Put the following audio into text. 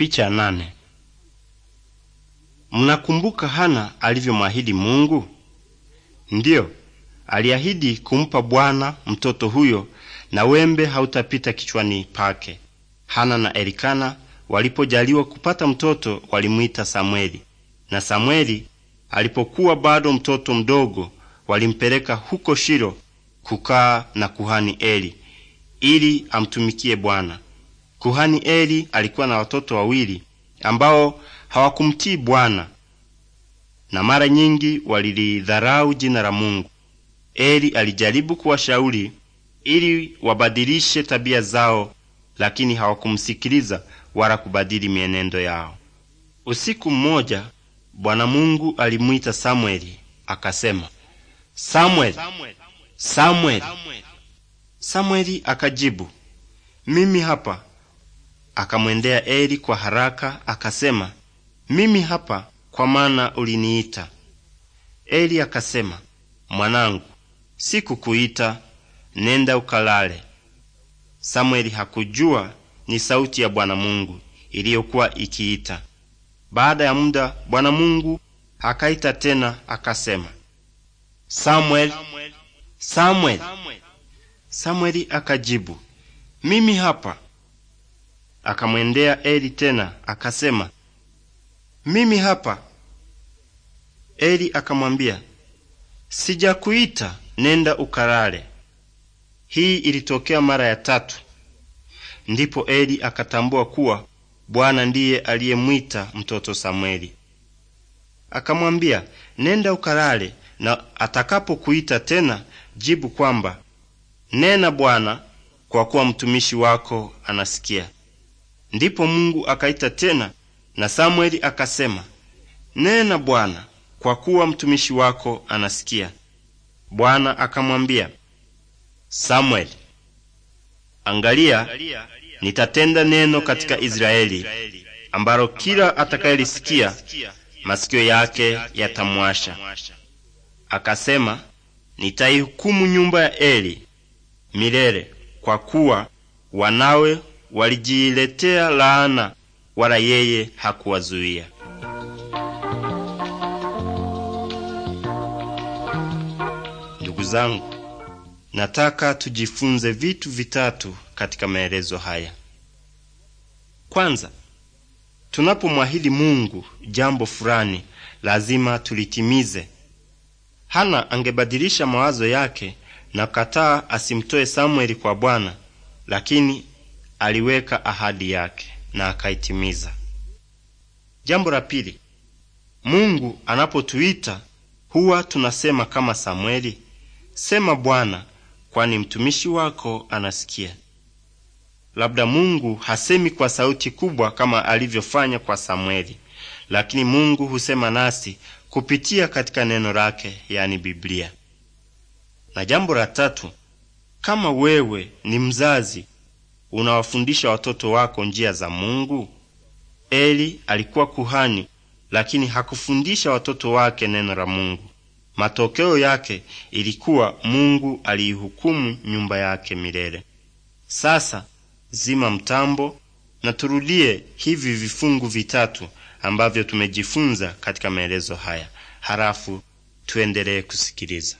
Picha nane. Mnakumbuka Hana alivyomwahidi Mungu? Ndiyo, aliahidi kumpa Bwana mtoto huyo na wembe hautapita kichwani pake. Hana na Elikana walipojaliwa kupata mtoto walimwita Samweli, na Samweli alipokuwa bado mtoto mdogo walimpeleka huko Shilo kukaa na kuhani Eli ili amtumikie Bwana. Kuhani Eli alikuwa na watoto wawili ambao hawakumtii Bwana na mara nyingi walilidharau jina la Mungu. Eli alijaribu kuwashauri ili wabadilishe tabia zao, lakini hawakumsikiliza wala kubadili mienendo yao. Usiku mmoja Bwana Mungu alimwita Samweli akasema, Samweli, Samweli. Samweli akajibu, mimi hapa Akamwendea Eli kwa haraka akasema, mimi hapa, kwa maana uliniita. Eli akasema, mwanangu, sikukuita, nenda ukalale. Samueli hakujua ni sauti ya Bwana Mungu iliyokuwa ikiita. Baada ya muda Bwana Mungu akaita tena akasema, Samueli, Samueli. Samueli akajibu, mimi hapa. Akamwendea Eli tena akasema, mimi hapa. Eli akamwambia, sijakuita, nenda ukalale. Hii ilitokea mara ya tatu. Ndipo Eli akatambua kuwa Bwana ndiye aliyemwita mtoto Samweli. Akamwambia, nenda ukalale, na atakapokuita tena jibu kwamba, nena Bwana, kwa kuwa mtumishi wako anasikia. Ndipo Mungu akaita tena, na Samweli akasema, nena Bwana, kwa kuwa mtumishi wako anasikia. Bwana akamwambia Samweli, angalia, nitatenda neno katika Israeli ambalo kila atakayelisikia masikio yake yatamwasha. Akasema, nitaihukumu nyumba ya Eli milele, kwa kuwa wanawe walijiletea laana, wala yeye hakuwazuia. Ndugu zangu, nataka tujifunze vitu vitatu katika maelezo haya. Kwanza, tunapomwahidi Mungu jambo fulani, lazima tulitimize. Hana angebadilisha mawazo yake na kataa asimtoe Samueli kwa Bwana, lakini aliweka ahadi yake na akaitimiza. Jambo la pili, Mungu anapotuita huwa tunasema kama Samweli, sema Bwana, kwani mtumishi wako anasikia. Labda Mungu hasemi kwa sauti kubwa kama alivyofanya kwa Samweli, lakini Mungu husema nasi kupitia katika neno lake, yani Biblia. Na jambo la tatu, kama wewe ni mzazi unawafundisha watoto wako njia za Mungu? Eli alikuwa kuhani, lakini hakufundisha watoto wake neno la Mungu. Matokeo yake ilikuwa Mungu aliihukumu nyumba yake milele. Sasa zima mtambo na turudie hivi vifungu vitatu ambavyo tumejifunza katika maelezo haya, halafu tuendelee kusikiliza.